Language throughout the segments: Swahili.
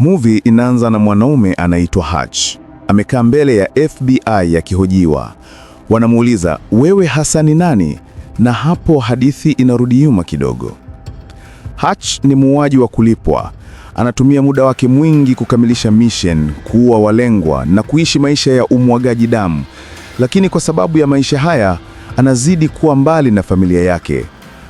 Movie inaanza na mwanaume anaitwa Hutch amekaa mbele ya FBI akihojiwa Wanamuuliza, wewe hasa ni nani? Na hapo hadithi inarudi nyuma kidogo. Hutch ni muuaji wa kulipwa, anatumia muda wake mwingi kukamilisha mission, kuua walengwa na kuishi maisha ya umwagaji damu, lakini kwa sababu ya maisha haya anazidi kuwa mbali na familia yake.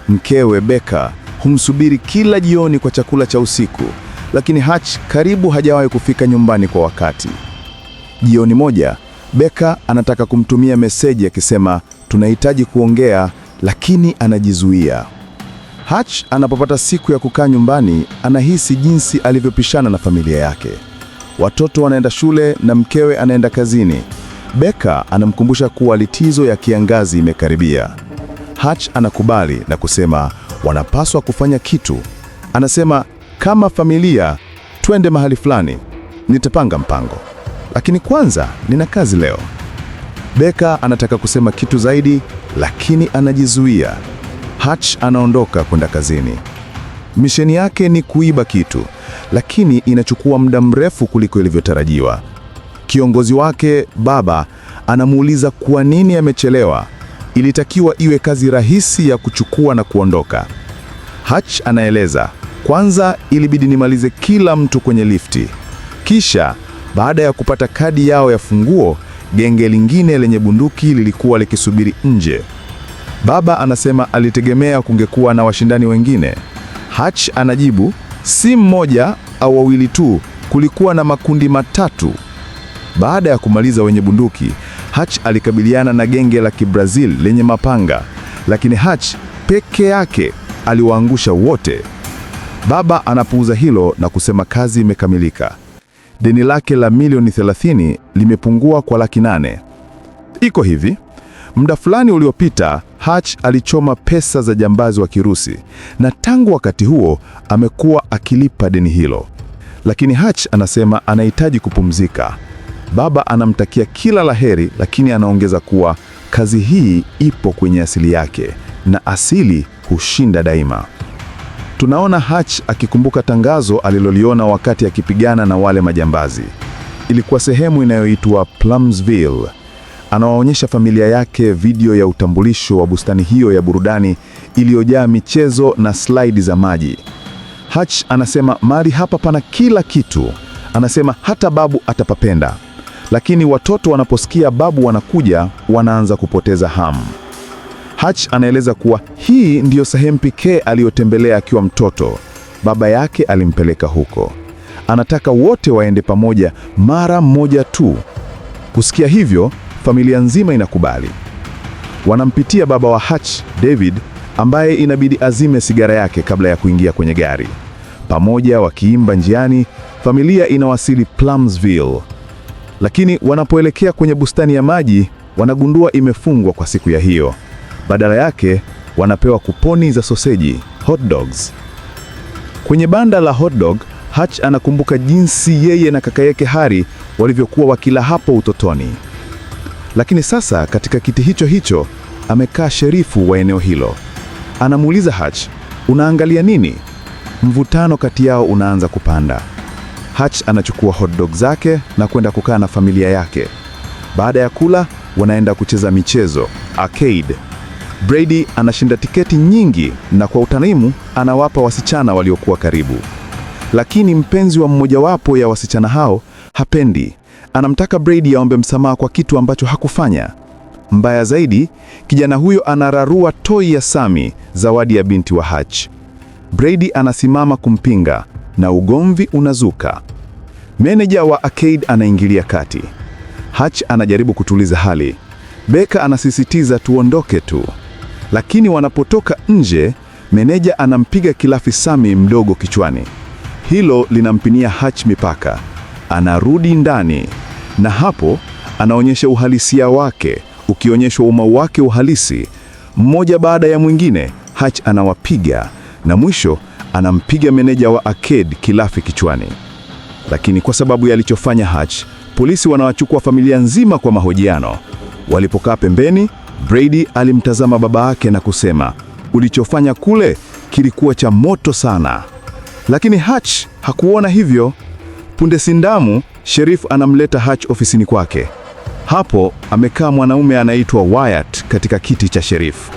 Mkewe Becca humsubiri kila jioni kwa chakula cha usiku lakini Hutch karibu hajawahi kufika nyumbani kwa wakati. Jioni moja, Beka anataka kumtumia meseji akisema tunahitaji kuongea, lakini anajizuia. Hutch anapopata siku ya kukaa nyumbani, anahisi jinsi alivyopishana na familia yake. Watoto wanaenda shule na mkewe anaenda kazini. Beka anamkumbusha kuwa litizo ya kiangazi imekaribia. Hutch anakubali na kusema wanapaswa kufanya kitu. Anasema kama familia twende mahali fulani, nitapanga mpango, lakini kwanza nina kazi leo. Beka anataka kusema kitu zaidi, lakini anajizuia. hach anaondoka kwenda kazini. Misheni yake ni kuiba kitu, lakini inachukua muda mrefu kuliko ilivyotarajiwa. Kiongozi wake baba anamuuliza kwa nini amechelewa. Ilitakiwa iwe kazi rahisi ya kuchukua na kuondoka. Hutch anaeleza kwanza ilibidi nimalize kila mtu kwenye lifti, kisha baada ya kupata kadi yao ya funguo, genge lingine lenye bunduki lilikuwa likisubiri nje. Baba anasema alitegemea kungekuwa na washindani wengine. Hatch anajibu si mmoja au wawili tu, kulikuwa na makundi matatu. Baada ya kumaliza wenye bunduki, Hatch alikabiliana na genge la Kibrazil lenye mapanga, lakini Hatch peke yake aliwaangusha wote. Baba anapuuza hilo na kusema kazi imekamilika. Deni lake la milioni 30 limepungua kwa laki nane. Iko hivi, muda fulani uliopita Hutch alichoma pesa za jambazi wa Kirusi na tangu wakati huo amekuwa akilipa deni hilo. Lakini Hutch anasema anahitaji kupumzika. Baba anamtakia kila laheri, lakini anaongeza kuwa kazi hii ipo kwenye asili yake na asili hushinda daima. Tunaona Hutch akikumbuka tangazo aliloliona wakati akipigana na wale majambazi. Ilikuwa sehemu inayoitwa Plumsville. Anawaonyesha familia yake video ya utambulisho wa bustani hiyo ya burudani iliyojaa michezo na slaidi za maji. Hutch anasema mahali hapa pana kila kitu, anasema hata babu atapapenda. Lakini watoto wanaposikia babu wanakuja, wanaanza kupoteza hamu. Hutch anaeleza kuwa hii ndiyo sehemu pekee aliyotembelea akiwa mtoto. Baba yake alimpeleka huko, anataka wote waende pamoja mara mmoja tu. Kusikia hivyo, familia nzima inakubali. Wanampitia baba wa Hutch, David, ambaye inabidi azime sigara yake kabla ya kuingia kwenye gari. Pamoja wakiimba njiani, familia inawasili Plumsville. Lakini wanapoelekea kwenye bustani ya maji, wanagundua imefungwa kwa siku ya hiyo. Badala yake wanapewa kuponi za soseji, hot dogs. Kwenye banda la hot dog, Hutch anakumbuka jinsi yeye na kaka yake Harry walivyokuwa wakila hapo utotoni. Lakini sasa katika kiti hicho hicho amekaa sherifu wa eneo hilo. Anamuuliza Hutch, unaangalia nini? Mvutano kati yao unaanza kupanda. Hutch anachukua hot dog zake na kwenda kukaa na familia yake. Baada ya kula, wanaenda kucheza michezo arcade. Brady anashinda tiketi nyingi na kwa utanimu anawapa wasichana waliokuwa karibu, lakini mpenzi wa mmojawapo ya wasichana hao hapendi, anamtaka Brady aombe msamaha kwa kitu ambacho hakufanya. Mbaya zaidi, kijana huyo anararua toi ya Sami, zawadi ya binti wa Hatch. Brady anasimama kumpinga na ugomvi unazuka. Meneja wa arcade anaingilia kati. Hatch anajaribu kutuliza hali. Beka anasisitiza tuondoke tu. Lakini wanapotoka nje, meneja anampiga kilafi Sami mdogo kichwani. Hilo linampinia Hach mipaka. Anarudi ndani, na hapo anaonyesha uhalisia wake, ukionyeshwa umma wake uhalisi. Mmoja baada ya mwingine, Hach anawapiga na mwisho anampiga meneja wa Arcade kilafi kichwani. Lakini kwa sababu ya alichofanya Hach, polisi wanawachukua familia nzima kwa mahojiano. Walipokaa pembeni, Brady alimtazama baba yake na kusema, ulichofanya kule kilikuwa cha moto sana. Lakini Hutch hakuona hivyo. Punde sindamu, sherifu anamleta Hutch ofisini kwake. Hapo amekaa mwanaume anaitwa Wyatt katika kiti cha sherifu.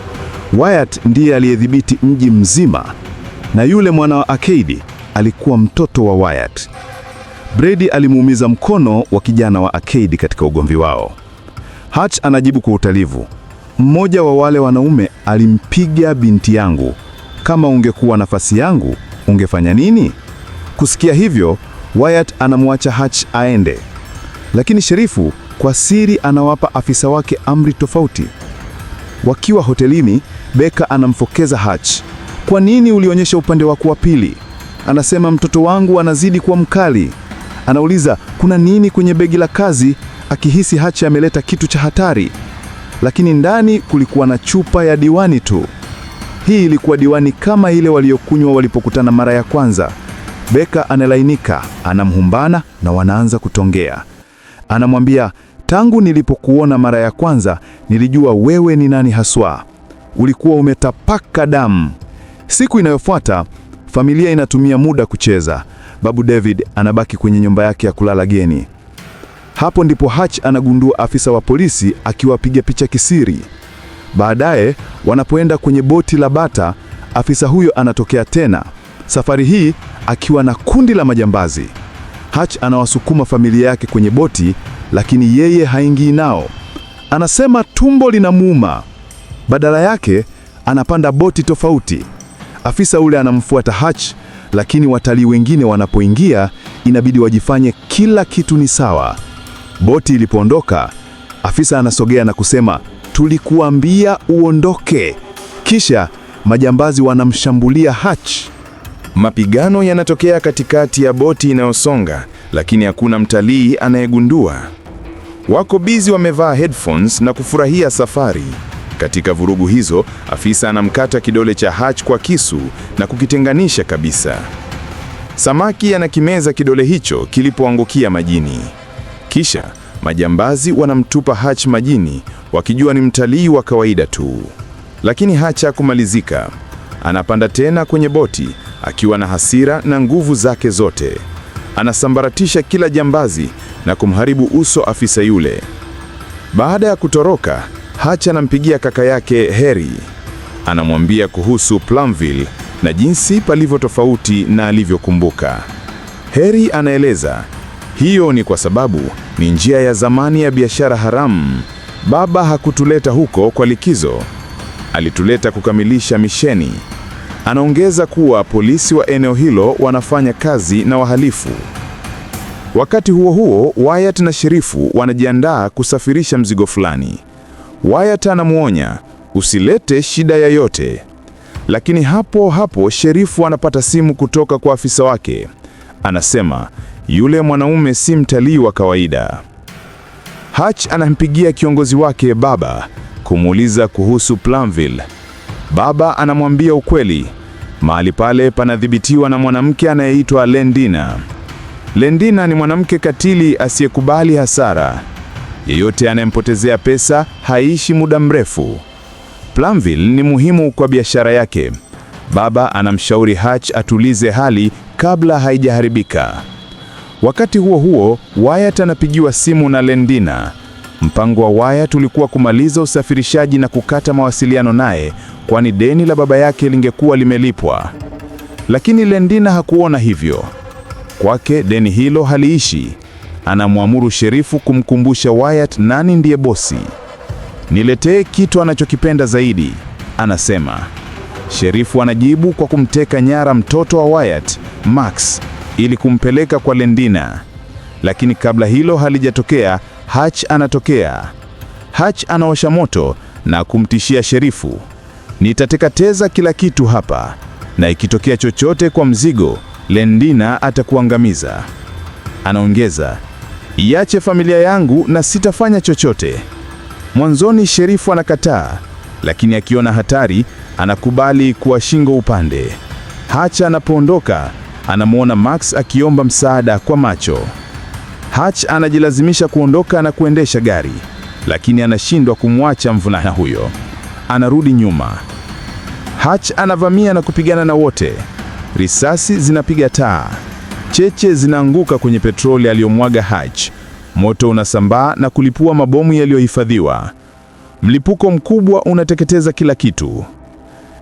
Wyatt ndiye aliyedhibiti mji mzima, na yule mwana wa Arcady alikuwa mtoto wa Wyatt. Brady alimuumiza mkono wa kijana wa Arcady katika ugomvi wao. Hutch anajibu kwa utulivu. Mmoja wa wale wanaume alimpiga binti yangu. Kama ungekuwa nafasi yangu, ungefanya nini? Kusikia hivyo, Wyatt anamwacha hach aende, lakini Sherifu kwa siri anawapa afisa wake amri tofauti. Wakiwa hotelini, Beka anamfokeza hach Kwa nini ulionyesha upande wako wa pili? Anasema mtoto wangu anazidi kuwa mkali. Anauliza kuna nini kwenye begi la kazi, akihisi Hutch ameleta kitu cha hatari lakini ndani kulikuwa na chupa ya diwani tu. Hii ilikuwa diwani kama ile waliokunywa walipokutana mara ya kwanza. Beka analainika, anamhumbana na wanaanza kutongea. Anamwambia, tangu nilipokuona mara ya kwanza nilijua wewe ni nani haswa, ulikuwa umetapaka damu. Siku inayofuata familia inatumia muda kucheza. Babu David anabaki kwenye nyumba yake ya kulala geni. Hapo ndipo Hatch anagundua afisa wa polisi akiwapiga picha kisiri. Baadaye wanapoenda kwenye boti la bata, afisa huyo anatokea tena, safari hii akiwa na kundi la majambazi. Hatch anawasukuma familia yake kwenye boti, lakini yeye haingii nao. Anasema tumbo linamuuma. Badala yake anapanda boti tofauti. Afisa ule anamfuata Hatch, lakini watalii wengine wanapoingia inabidi wajifanye kila kitu ni sawa. Boti ilipoondoka, afisa anasogea na kusema, tulikuambia uondoke. Kisha majambazi wanamshambulia Hutch. Mapigano yanatokea katikati ya boti inayosonga, lakini hakuna mtalii anayegundua. Wako bizi wamevaa headphones na kufurahia safari. Katika vurugu hizo, afisa anamkata kidole cha Hutch kwa kisu na kukitenganisha kabisa. Samaki anakimeza kidole hicho kilipoangukia majini. Kisha majambazi wanamtupa Hutch majini wakijua ni mtalii wa kawaida tu, lakini Hutch hakumalizika. Anapanda tena kwenye boti akiwa na hasira na nguvu zake zote. Anasambaratisha kila jambazi na kumharibu uso afisa yule. Baada ya kutoroka, Hutch anampigia kaka yake Harry, anamwambia kuhusu Plumville na jinsi palivyo tofauti na alivyokumbuka. Harry anaeleza hiyo ni kwa sababu ni njia ya zamani ya biashara haramu. Baba hakutuleta huko kwa likizo, alituleta kukamilisha misheni. Anaongeza kuwa polisi wa eneo hilo wanafanya kazi na wahalifu. Wakati huo huo, Wyatt na Sherifu wanajiandaa kusafirisha mzigo fulani. Wyatt anamwonya, usilete shida yoyote. Lakini hapo hapo Sherifu anapata simu kutoka kwa afisa wake. Anasema, yule mwanaume si mtalii wa kawaida. Hutch anampigia kiongozi wake baba kumuuliza kuhusu Plumville. Baba anamwambia ukweli, mahali pale panadhibitiwa na mwanamke anayeitwa Lendina. Lendina ni mwanamke katili asiyekubali hasara. Yeyote anayempotezea pesa haishi muda mrefu. Plumville ni muhimu kwa biashara yake. Baba anamshauri Hutch atulize hali kabla haijaharibika. Wakati huo huo, Wyatt anapigiwa simu na Lendina. Mpango wa Wyatt ulikuwa kumaliza usafirishaji na kukata mawasiliano naye, kwani deni la baba yake lingekuwa limelipwa. Lakini Lendina hakuona hivyo. Kwake deni hilo haliishi. Anamwamuru sherifu kumkumbusha Wyatt nani ndiye bosi. Niletee kitu anachokipenda zaidi, anasema. Sherifu anajibu kwa kumteka nyara mtoto wa Wyatt, Max ili kumpeleka kwa Lendina, lakini kabla hilo halijatokea, hach anatokea. hach anawasha moto na kumtishia sherifu, nitateketeza kila kitu hapa, na ikitokea chochote kwa mzigo, Lendina atakuangamiza. Anaongeza, iache familia yangu na sitafanya chochote. Mwanzoni sherifu anakataa, lakini akiona hatari anakubali kuwa shingo upande. Hacha anapoondoka anamwona Max akiomba msaada kwa macho. Hutch anajilazimisha kuondoka na kuendesha gari, lakini anashindwa kumwacha mvulana huyo. Anarudi nyuma. Hutch anavamia na kupigana na wote. Risasi zinapiga taa, cheche zinaanguka kwenye petroli aliyomwaga Hutch. Moto unasambaa na kulipua mabomu yaliyohifadhiwa. Mlipuko mkubwa unateketeza kila kitu.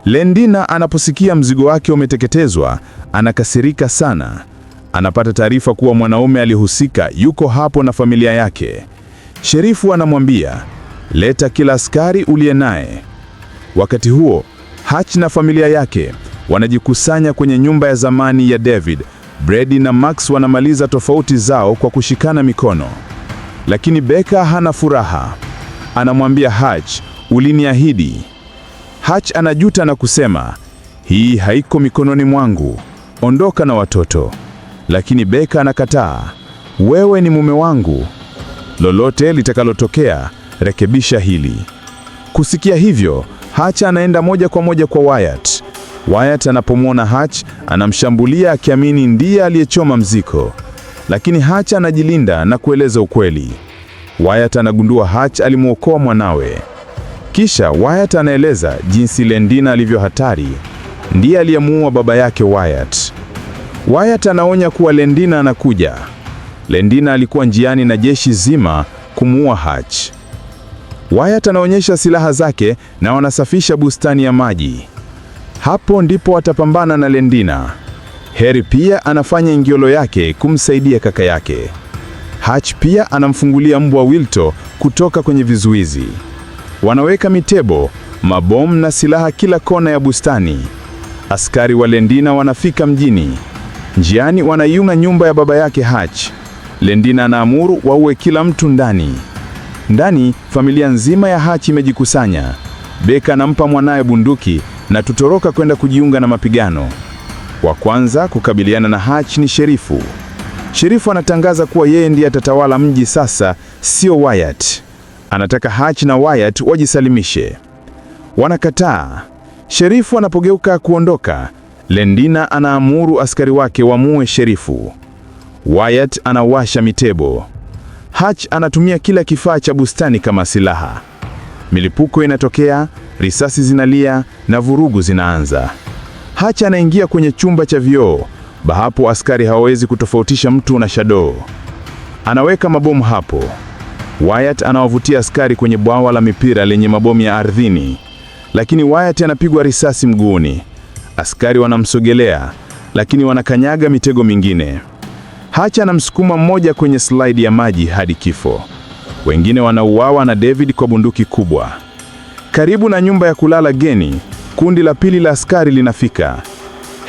Lendina anaposikia mzigo wake umeteketezwa, anakasirika sana. Anapata taarifa kuwa mwanaume alihusika yuko hapo na familia yake. Sherifu anamwambia, leta kila askari uliye naye. Wakati huo, hach na familia yake wanajikusanya kwenye nyumba ya zamani ya David. Brady na Max wanamaliza tofauti zao kwa kushikana mikono. Lakini Beka hana furaha. Anamwambia hach uliniahidi Hutch anajuta na kusema, hii haiko mikononi mwangu, ondoka na watoto. Lakini Beka anakataa, wewe ni mume wangu, lolote litakalotokea, rekebisha hili. Kusikia hivyo, Hutch anaenda moja kwa moja kwa Wyatt. Wyatt anapomwona Hutch anamshambulia akiamini ndiye aliyechoma mziko, lakini Hutch anajilinda na kueleza ukweli. Wyatt anagundua Hutch alimwokoa mwanawe. Kisha Wyatt anaeleza jinsi Lendina alivyo hatari, ndiye aliyemuua baba yake Wyatt. Wyatt anaonya kuwa Lendina anakuja. Lendina alikuwa njiani na jeshi zima kumuua Hutch. Wyatt anaonyesha silaha zake na wanasafisha bustani ya maji. Hapo ndipo watapambana na Lendina. Harry pia anafanya ingiolo yake kumsaidia kaka yake. Hutch pia anamfungulia mbwa Wilto kutoka kwenye vizuizi. Wanaweka mitebo, mabomu na silaha kila kona ya bustani. Askari wa Lendina wanafika mjini. Njiani wanaiunga nyumba ya baba yake hach Lendina anaamuru waue kila mtu ndani. Ndani familia nzima ya hach imejikusanya. Beka anampa mwanaye bunduki na tutoroka kwenda kujiunga na mapigano. Wa kwanza kukabiliana na hach ni Sherifu. Sherifu anatangaza kuwa yeye ndiye atatawala mji sasa, sio Wyatt. Anataka Hatch na Wyatt wajisalimishe. Wanakataa. Sherifu anapogeuka kuondoka, Lendina anaamuru askari wake wamue sherifu. Wyatt anawasha mitebo. Hatch anatumia kila kifaa cha bustani kama silaha. Milipuko inatokea, risasi zinalia na vurugu zinaanza. Hutch anaingia kwenye chumba cha vioo, bahapo askari hawawezi kutofautisha mtu na shadow. Anaweka mabomu hapo. Wyatt anawavutia askari kwenye bwawa la mipira lenye mabomu ya ardhini, lakini Wyatt anapigwa risasi mguuni. Askari wanamsogelea, lakini wanakanyaga mitego mingine. Hatch anamsukuma mmoja kwenye slide ya maji hadi kifo. Wengine wanauawa na David kwa bunduki kubwa. Karibu na nyumba ya kulala geni, kundi la pili la askari linafika.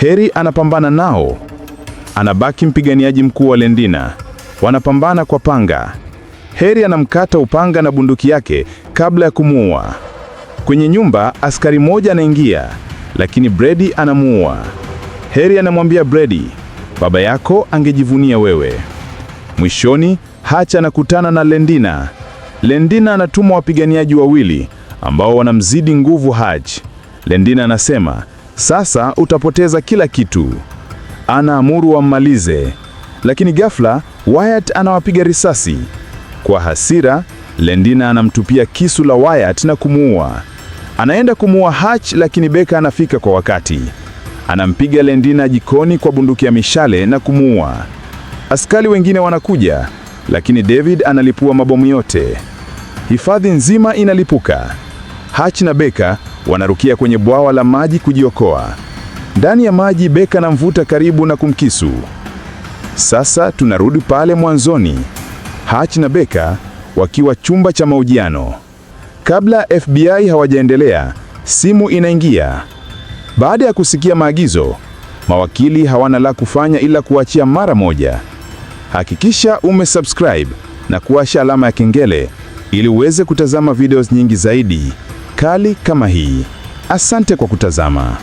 Harry anapambana nao, anabaki mpiganiaji mkuu wa Lendina. Wanapambana kwa panga, Heri anamkata upanga na bunduki yake kabla ya kumuua. Kwenye nyumba, askari mmoja anaingia, lakini Brady anamuua. Heri anamwambia Brady, baba yako angejivunia wewe. Mwishoni, Hacha anakutana na Lendina. Lendina anatuma wapiganiaji wawili ambao wanamzidi nguvu Hatch. Lendina anasema, sasa utapoteza kila kitu. Anaamuru wammalize, lakini ghafla Wyatt anawapiga risasi. Kwa hasira, Lendina anamtupia kisu la Wyatt na kumuua. Anaenda kumuua Hutch, lakini Beka anafika kwa wakati. Anampiga Lendina jikoni kwa bunduki ya mishale na kumuua. Askari wengine wanakuja, lakini David analipua mabomu yote. Hifadhi nzima inalipuka. Hutch na Beka wanarukia kwenye bwawa la maji kujiokoa. Ndani ya maji, Beka anamvuta karibu na kumkisu. Sasa tunarudi pale mwanzoni. Hatch na Beka wakiwa chumba cha mahojiano. Kabla FBI hawajaendelea, simu inaingia. Baada ya kusikia maagizo, mawakili hawana la kufanya ila kuachia mara moja. Hakikisha umesubscribe na kuwasha alama ya kengele ili uweze kutazama videos nyingi zaidi kali kama hii. Asante kwa kutazama.